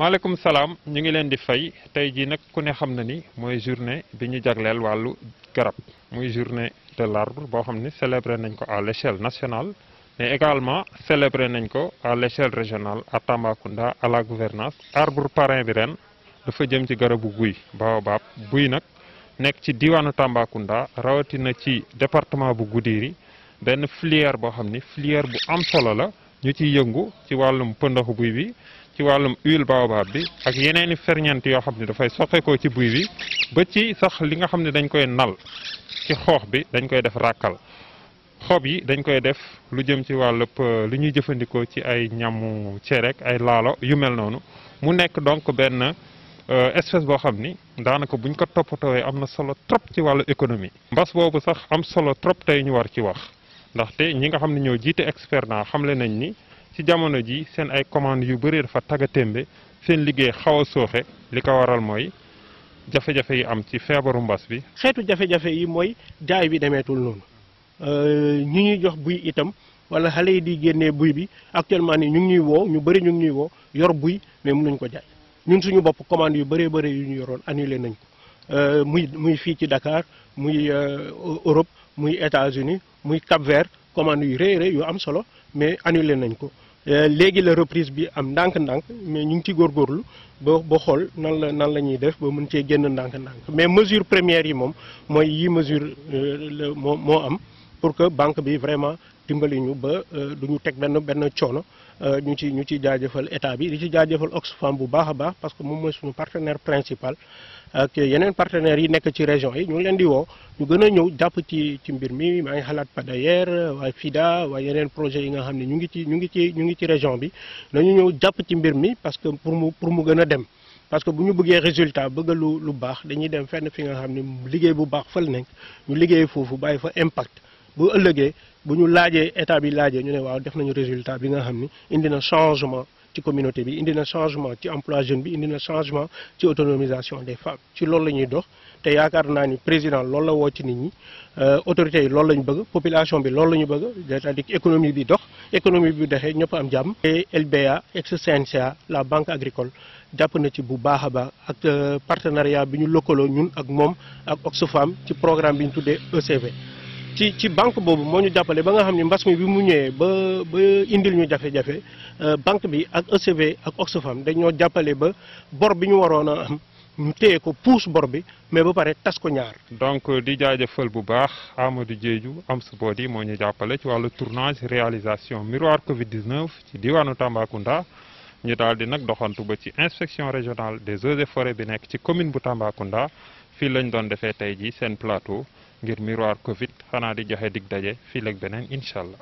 maaleykum salaam ñu ngi leen di fay tey jii nag ku ne xam na ni mooy journée bi ñu jagleel wàllu garab muy journée de l'arbre boo xam ni célébré nañ ko à l'échelle nationale mais également célébré nañ ko à l'échelle régional à Tambacounda à la gouvernance arbre parrain bi ren dafa jëm ci garabu guy baobab buy nag nekk ci diwaanu Tambacounda rawatina ci département bu Goudiri benn filière boo xam ni filière bu am solo la ñu ciy yëngu ci wàllum pëndaxu buy bi ci wàllum huile baobab bi ak yeneen i ferñeent yoo xam ne dafay soqeekoo ci buy bi ba ci sax li nga xam ne dañ koy nal ci xoox bi dañ koy def ràkkal xob yi dañ koy def lu jëm ci wàllub euh, li ñuy jëfandikoo ci ay ñamu cereek ay laalo yu mel noonu mu nekk donc benn euh, espèce boo xam ni daanaka buñ ko toppatoowee am na solo trop ci wàllu économie. mbas boobu sax am solo trop tey ñu war ci wax ndaxte ñi nga xam ne ñoo jiite expert naa xamle nañ ni. ci jamono ji seen ay commande yu bëri dafa tagatémbe seen liggéey xaw a sooxe li ko waral mooy jafe-jafe yi am ci feebaru mbas bi. xeetu jafe-jafe yi mooy jaay bi demeetul noonu euh, ñu ñuy jox buy itam wala xale yi di génnee buy bi actuellement nii ñu ngi ñuy woo ñu bëri ñu ngi ñuy woo yor buy mais mënuñ ko jaay ñun suñu bopp commande yu bëree bëri yu ñu yoroon annulé nañ ko. Euh, muy muy fii ci Dakar muy euh, Europe muy États-Unis muy Cap-Vert commande yu rëy rëy yu am solo mais annulé nañ ko euh, léegi la reprise bi am ndànk-ndànk mais ñu ngi ci gorlu ba ba xol nan la nan la ñuy def ba mën ci genn ndànk-ndànk mais mesure première yi mom moy yi mesure euh, mo am pour que banque bi vraiment dimbali ñu ba euh, du ñu teg benn benn coono euh, ñu ci ñu ci jaajëfal état bi di ci jaajëfal Oxfam bu baax a baax parce que moom mooy suñu partenaire principal ak yeneen partenaires yi nekk ci région yi ñu ngi leen di woo ñu gën a ñëw jàpp ci ci mbir mi maa ngi xalaat Padayer waaye FIDA waaye yeneen projet yi nga xam ne ñu ngi ci ñu ngi ci ñu ngi ci région bi nañu ñëw jàpp ci mbir mi parce que pour mu pour mu gën a dem parce que bu ñu bëggee résultat bëgg lu lu baax dañuy dem fenn fi nga xam ne liggéey bu baax fal nekk ñu liggéey foofu bàyyi fa impact bu ëllëgee bu ñu état bi laajee ñu né waaw def nañu résultat bi nga xamni ni indi na changement ci communauté bi indi na changement ci emploi jeune bi indi na changement ci autonomisation des femmes ci loolu lañuy dox té yaakaar naa ni président loolu la wo ci nit ñi euh, autorités yi loolu lañu bëgg population bi loolu lañu bëgg c'est-à-dire économie bi dox économie bi doxee ñëpp am jamm et LBA ex CNCA la banque agricole japp na ci bu baaxa ba ak euh, partenariat bi ñu lëkkaloo ñun ak mom ak Oxfam ci programme bi ñu tuddee ECV ci ci banque bobu moo ñu jàppale ba nga xamni ne mi bi mu ñëwee ba ba indil ñu jafé jafe euh, banque bi ak ECV ak Oxfam dañu jappalé ba bor bi ñu warona am ñu téyé ko pousse bor bi mais ba paré tas ko ñaar. donc euh, di jaajëfal bu baax Amadou Diédhiou am support yi moo ñu jàppale ci walu tournage réalisation miroir Covid 19 ci diwaanu Tambacounda ñu daal nak doxantu ba ci inspection régionale des eaux et forêts bi nek ci commune bu Tambacounda fi lañ doon défé tay ji sen plateau. ngir miroir Covid xanaa di joxe dig daje fii ak beneen incha allah.